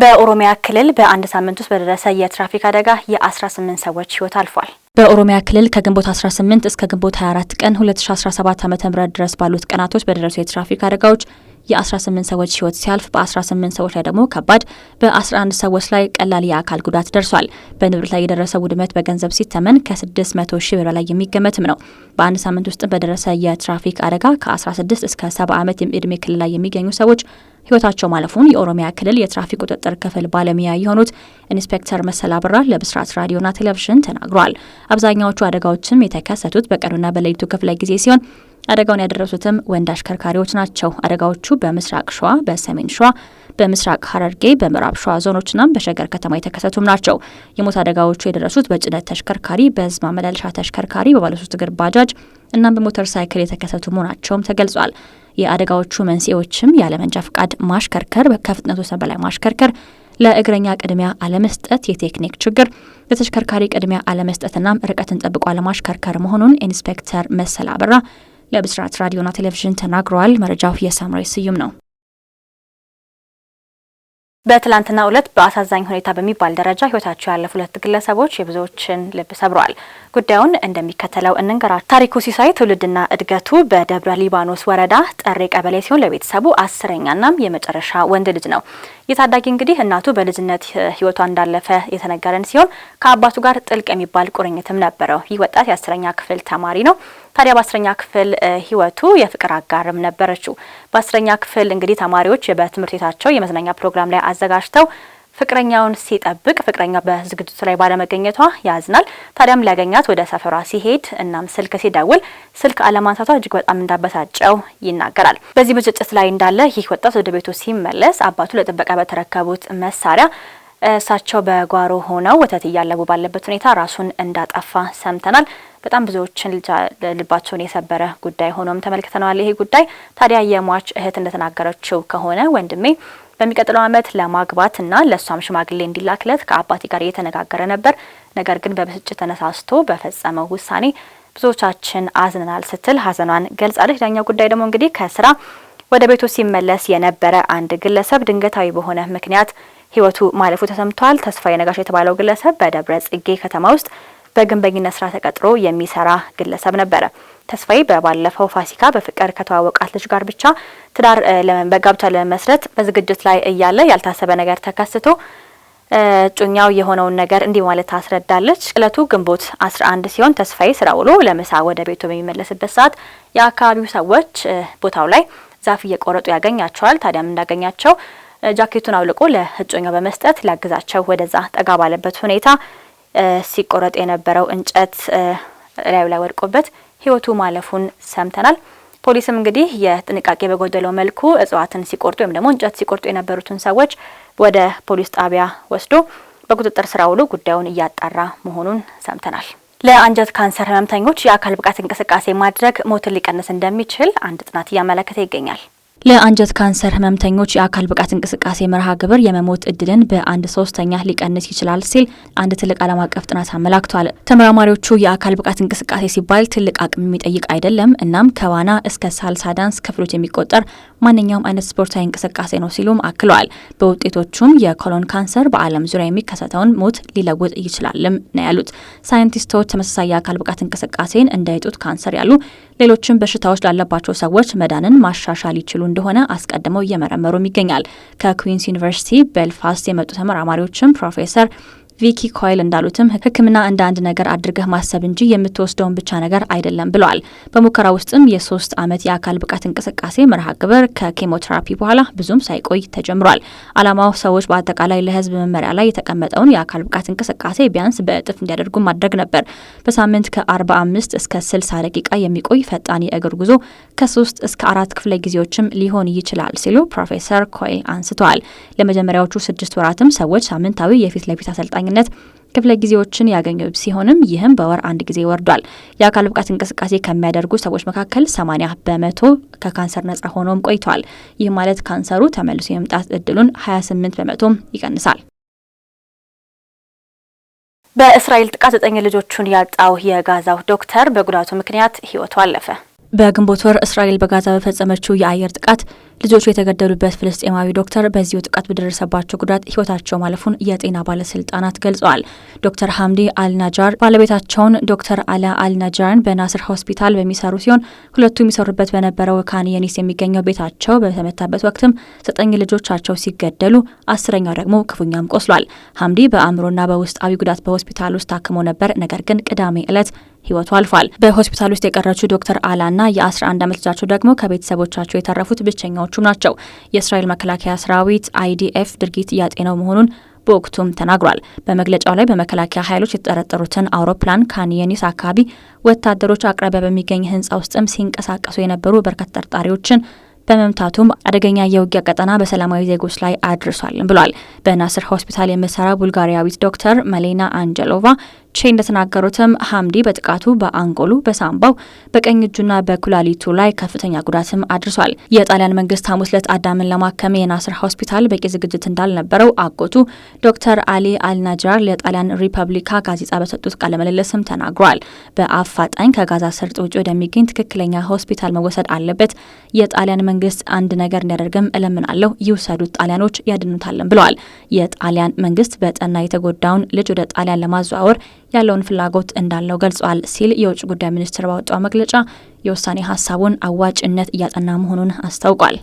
በኦሮሚያ ክልል በአንድ ሳምንት ውስጥ በደረሰ የትራፊክ አደጋ የ18 ሰዎች ህይወት አልፏል። በኦሮሚያ ክልል ከግንቦት 18 እስከ ግንቦት 24 ቀን 2017 ም ድረስ ባሉት ቀናቶች በደረሱ የትራፊክ አደጋዎች የ18 ሰዎች ህይወት ሲያልፍ በ18 ሰዎች ላይ ደግሞ ከባድ፣ በ11 ሰዎች ላይ ቀላል የአካል ጉዳት ደርሷል። በንብረት ላይ የደረሰው ውድመት በገንዘብ ሲተመን ከ600 ሺህ ብር በላይ የሚገመትም ነው። በአንድ ሳምንት ውስጥ በደረሰ የትራፊክ አደጋ ከ16 እስከ 70 ዓመት የዕድሜ ክልል ላይ የሚገኙ ሰዎች ህይወታቸው ማለፉን የኦሮሚያ ክልል የትራፊክ ቁጥጥር ክፍል ባለሙያ የሆኑት ኢንስፔክተር መሰል አብራ ለብስራት ራዲዮና ቴሌቪዥን ተናግሯል። አብዛኛዎቹ አደጋዎችም የተከሰቱት በቀኑና በሌሊቱ ክፍለ ጊዜ ሲሆን አደጋውን ያደረሱትም ወንድ አሽከርካሪዎች ናቸው። አደጋዎቹ በምስራቅ ሸዋ፣ በሰሜን ሸዋ፣ በምስራቅ ሀረርጌ በምዕራብ ሸዋ ዞኖችና በሸገር ከተማ የተከሰቱም ናቸው። የሞት አደጋዎቹ የደረሱት በጭነት ተሽከርካሪ፣ በህዝብ ማመላለሻ ተሽከርካሪ፣ በባለሶስት እግር ባጃጅ እናም በሞተር ሳይክል የተከሰቱ መሆናቸውም ተገልጿል። የአደጋዎቹ መንስኤዎችም ያለመንጃ ፈቃድ ማሽከርከር፣ ከፍጥነቱ በላይ ማሽከርከር፣ ለእግረኛ ቅድሚያ አለመስጠት፣ የቴክኒክ ችግር፣ ለተሽከርካሪ ቅድሚያ አለመስጠትና ርቀትን ጠብቆ አለማሽከርከር መሆኑን ኢንስፔክተር መሰል አበራ ለብስራት ራዲዮና ቴሌቪዥን ተናግረዋል። መረጃው የሳምራዊ ስዩም ነው። በትላንትና ዕለት በአሳዛኝ ሁኔታ በሚባል ደረጃ ህይወታቸው ያለፉ ሁለት ግለሰቦች የብዙዎችን ልብ ሰብረዋል። ጉዳዩን እንደሚከተለው እንንገራቸው። ታሪኩ ሲሳይ ትውልድና እድገቱ በደብረ ሊባኖስ ወረዳ ጠሬ ቀበሌ ሲሆን ለቤተሰቡ አስረኛና የመጨረሻ ወንድ ልጅ ነው። የታዳጊ እንግዲህ እናቱ በልጅነት ህይወቷ እንዳለፈ የተነገረን ሲሆን ከአባቱ ጋር ጥልቅ የሚባል ቁርኝትም ነበረው። ይህ ወጣት የአስረኛ ክፍል ተማሪ ነው። ታዲያ በአስረኛ ክፍል ህይወቱ የፍቅር አጋርም ነበረችው። በአስረኛ ክፍል እንግዲህ ተማሪዎች በትምህርት ቤታቸው የመዝናኛ ፕሮግራም ላይ አዘጋጅተው ፍቅረኛውን ሲጠብቅ ፍቅረኛው በዝግጅቱ ላይ ባለመገኘቷ ያዝናል። ታዲያም ሊያገኛት ወደ ሰፈሯ ሲሄድ እናም ስልክ ሲደውል ስልክ አለማንሳቷ እጅግ በጣም እንዳበሳጨው ይናገራል። በዚህ ብስጭት ላይ እንዳለ ይህ ወጣት ወደ ቤቱ ሲመለስ አባቱ ለጥበቃ በተረከቡት መሳሪያ እሳቸው በጓሮ ሆነው ወተት እያለቡ ባለበት ሁኔታ ራሱን እንዳጠፋ ሰምተናል። በጣም ብዙዎችን ልባቸውን የሰበረ ጉዳይ ሆኖም ተመልክተነዋል። ይሄ ጉዳይ ታዲያ የሟች እህት እንደተናገረችው ከሆነ ወንድሜ በሚቀጥለው ዓመት ለማግባትና ለእሷም ሽማግሌ እንዲላክለት ከአባቴ ጋር እየተነጋገረ ነበር። ነገር ግን በብስጭት ተነሳስቶ በፈጸመው ውሳኔ ብዙዎቻችን አዝነናል ስትል ሀዘኗን ገልጻለች። ዳኛው ጉዳይ ደግሞ እንግዲህ ከስራ ወደ ቤቱ ሲመለስ የነበረ አንድ ግለሰብ ድንገታዊ በሆነ ምክንያት ህይወቱ ማለፉ ተሰምቷል። ተስፋዬ ነጋሽ የተባለው ግለሰብ በደብረ ጽጌ ከተማ ውስጥ በግንበኝነት ስራ ተቀጥሮ የሚሰራ ግለሰብ ነበረ። ተስፋዬ በባለፈው ፋሲካ በፍቅር ከተዋወቃት ልጅ ጋር ብቻ ትዳር በጋብቻ ለመመስረት በዝግጅት ላይ እያለ ያልታሰበ ነገር ተከስቶ እጩኛው የሆነውን ነገር እንዲህ ማለት ታስረዳለች። እለቱ ግንቦት 11 ሲሆን ተስፋዬ ስራ ውሎ ለምሳ ወደ ቤቱ በሚመለስበት ሰዓት የአካባቢው ሰዎች ቦታው ላይ ዛፍ እየቆረጡ ያገኛቸዋል። ታዲያም እንዳገኛቸው ጃኬቱን አውልቆ ለእጮኛው በመስጠት ሊያግዛቸው ወደዛ ጠጋ ባለበት ሁኔታ ሲቆረጥ የነበረው እንጨት ላዩ ላይ ወድቆበት ህይወቱ ማለፉን ሰምተናል። ፖሊስም እንግዲህ የጥንቃቄ በጎደለው መልኩ እጽዋትን ሲቆርጡ ወይም ደግሞ እንጨት ሲቆርጡ የነበሩትን ሰዎች ወደ ፖሊስ ጣቢያ ወስዶ በቁጥጥር ስራ ውሎ ጉዳዩን እያጣራ መሆኑን ሰምተናል። ለአንጀት ካንሰር ህመምተኞች የአካል ብቃት እንቅስቃሴ ማድረግ ሞትን ሊቀንስ እንደሚችል አንድ ጥናት እያመለከተ ይገኛል። ለአንጀት ካንሰር ህመምተኞች የአካል ብቃት እንቅስቃሴ መርሃ ግብር የመሞት እድልን በአንድ ሶስተኛ ሊቀንስ ይችላል ሲል አንድ ትልቅ ዓለም አቀፍ ጥናት አመላክቷል። ተመራማሪዎቹ የአካል ብቃት እንቅስቃሴ ሲባል ትልቅ አቅም የሚጠይቅ አይደለም፣ እናም ከዋና እስከ ሳልሳ ዳንስ ክፍሎች የሚቆጠር ማንኛውም አይነት ስፖርታዊ እንቅስቃሴ ነው ሲሉም አክለዋል። በውጤቶቹም የኮሎን ካንሰር በዓለም ዙሪያ የሚከሰተውን ሞት ሊለውጥ ይችላልም ነው ያሉት። ሳይንቲስቶች ተመሳሳይ የአካል ብቃት እንቅስቃሴን እንደ የጡት ካንሰር ያሉ ሌሎችም በሽታዎች ላለባቸው ሰዎች መዳንን ማሻሻል ይችሉ እንደሆነ አስቀድመው እየመረመሩም ይገኛል። ከኩዊንስ ዩኒቨርሲቲ ቤልፋስት የመጡ ተመራማሪዎችም ፕሮፌሰር ቪኪ ኮይል እንዳሉትም ሕክምና እንደ አንድ ነገር አድርገህ ማሰብ እንጂ የምትወስደውን ብቻ ነገር አይደለም ብለዋል። በሙከራ ውስጥም የሶስት ዓመት የአካል ብቃት እንቅስቃሴ መርሃ ግብር ከኬሞቴራፒ በኋላ ብዙም ሳይቆይ ተጀምሯል። ዓላማው ሰዎች በአጠቃላይ ለህዝብ መመሪያ ላይ የተቀመጠውን የአካል ብቃት እንቅስቃሴ ቢያንስ በእጥፍ እንዲያደርጉ ማድረግ ነበር። በሳምንት ከ45 እስከ 60 ደቂቃ የሚቆይ ፈጣን የእግር ጉዞ ከሶስት እስከ አራት ክፍለ ጊዜዎችም ሊሆን ይችላል ሲሉ ፕሮፌሰር ኮይ አንስተዋል። ለመጀመሪያዎቹ ስድስት ወራትም ሰዎች ሳምንታዊ የፊት ለፊት አሰልጣኝ አማካኝነት ክፍለ ጊዜዎችን ያገኙ ሲሆንም ይህም በወር አንድ ጊዜ ወርዷል። የአካል ብቃት እንቅስቃሴ ከሚያደርጉ ሰዎች መካከል 80 በመቶ ከካንሰር ነጻ ሆኖም ቆይተዋል። ይህ ማለት ካንሰሩ ተመልሶ የመምጣት እድሉን 28 በመቶ ይቀንሳል። በእስራኤል ጥቃት ዘጠኝ ልጆቹን ያጣው የጋዛው ዶክተር በጉዳቱ ምክንያት ህይወቱ አለፈ። በግንቦት ወር እስራኤል በጋዛ በፈጸመችው የአየር ጥቃት ልጆቹ የተገደሉበት ፍልስጤማዊ ዶክተር በዚሁ ጥቃት በደረሰባቸው ጉዳት ህይወታቸው ማለፉን የጤና ባለስልጣናት ገልጸዋል። ዶክተር ሀምዲ አልናጃር ባለቤታቸውን ዶክተር አላ አልናጃርን በናስር ሆስፒታል በሚሰሩ ሲሆን ሁለቱ የሚሰሩበት በነበረው ካን የኒስ የሚገኘው ቤታቸው በተመታበት ወቅትም ዘጠኝ ልጆቻቸው ሲገደሉ አስረኛው ደግሞ ክፉኛም ቆስሏል። ሀምዲ በአእምሮና በውስጣዊ ጉዳት በሆስፒታል ውስጥ ታክሞ ነበር። ነገር ግን ቅዳሜ ዕለት ህይወቱ አልፏል። በሆስፒታል ውስጥ የቀረችው ዶክተር አላና የ11 ዓመት ልጃቸው ደግሞ ከቤተሰቦቻቸው የተረፉት ብቸኛዎቹም ናቸው። የእስራኤል መከላከያ ሰራዊት አይዲኤፍ ድርጊት እያጤነው መሆኑን በወቅቱም ተናግሯል። በመግለጫው ላይ በመከላከያ ኃይሎች የተጠረጠሩትን አውሮፕላን ካንየኒስ አካባቢ ወታደሮች አቅራቢያ በሚገኝ ህንፃ ውስጥም ሲንቀሳቀሱ የነበሩ በርካታ ጠርጣሪዎችን በመምታቱም አደገኛ የውጊያ ቀጠና በሰላማዊ ዜጎች ላይ አድርሷል ብሏል። በናስር ሆስፒታል የምትሰራ ቡልጋሪያዊት ዶክተር መሌና አንጀሎቫ ቼ እንደተናገሩትም ሀምዲ በጥቃቱ በአንጎሉ፣ በሳምባው፣ በቀኝ እጁና በኩላሊቱ ላይ ከፍተኛ ጉዳትም አድርሷል። የጣሊያን መንግስት ሐሙስ ዕለት አዳምን ለማከም የናስር ሆስፒታል በቂ ዝግጅት እንዳልነበረው አጎቱ ዶክተር አሊ አልናጅራር ለጣሊያን ሪፐብሊካ ጋዜጣ በሰጡት ቃለምልልስም ተናግሯል። በአፋጣኝ ከጋዛ ሰርጥ ውጭ ወደሚገኝ ትክክለኛ ሆስፒታል መወሰድ አለበት። የጣሊያን መንግስት አንድ ነገር እንዲያደርግም እለምናለሁ። ይውሰዱት፣ ጣሊያኖች ያድኑታለን ብለዋል። የጣሊያን መንግስት በጠና የተጎዳውን ልጅ ወደ ጣሊያን ለማዘዋወር ያለውን ፍላጎት እንዳለው ገልጿል ሲል የውጭ ጉዳይ ሚኒስቴር ባወጣው መግለጫ የውሳኔ ሀሳቡን አዋጭነት እያጠና መሆኑን አስታውቋል።